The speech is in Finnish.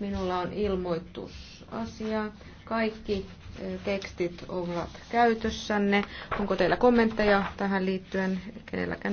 Minulla on ilmoitusasia. Kaikki eh, tekstit ovat käytössänne. Onko teillä kommentteja tähän liittyen? Kenelläkään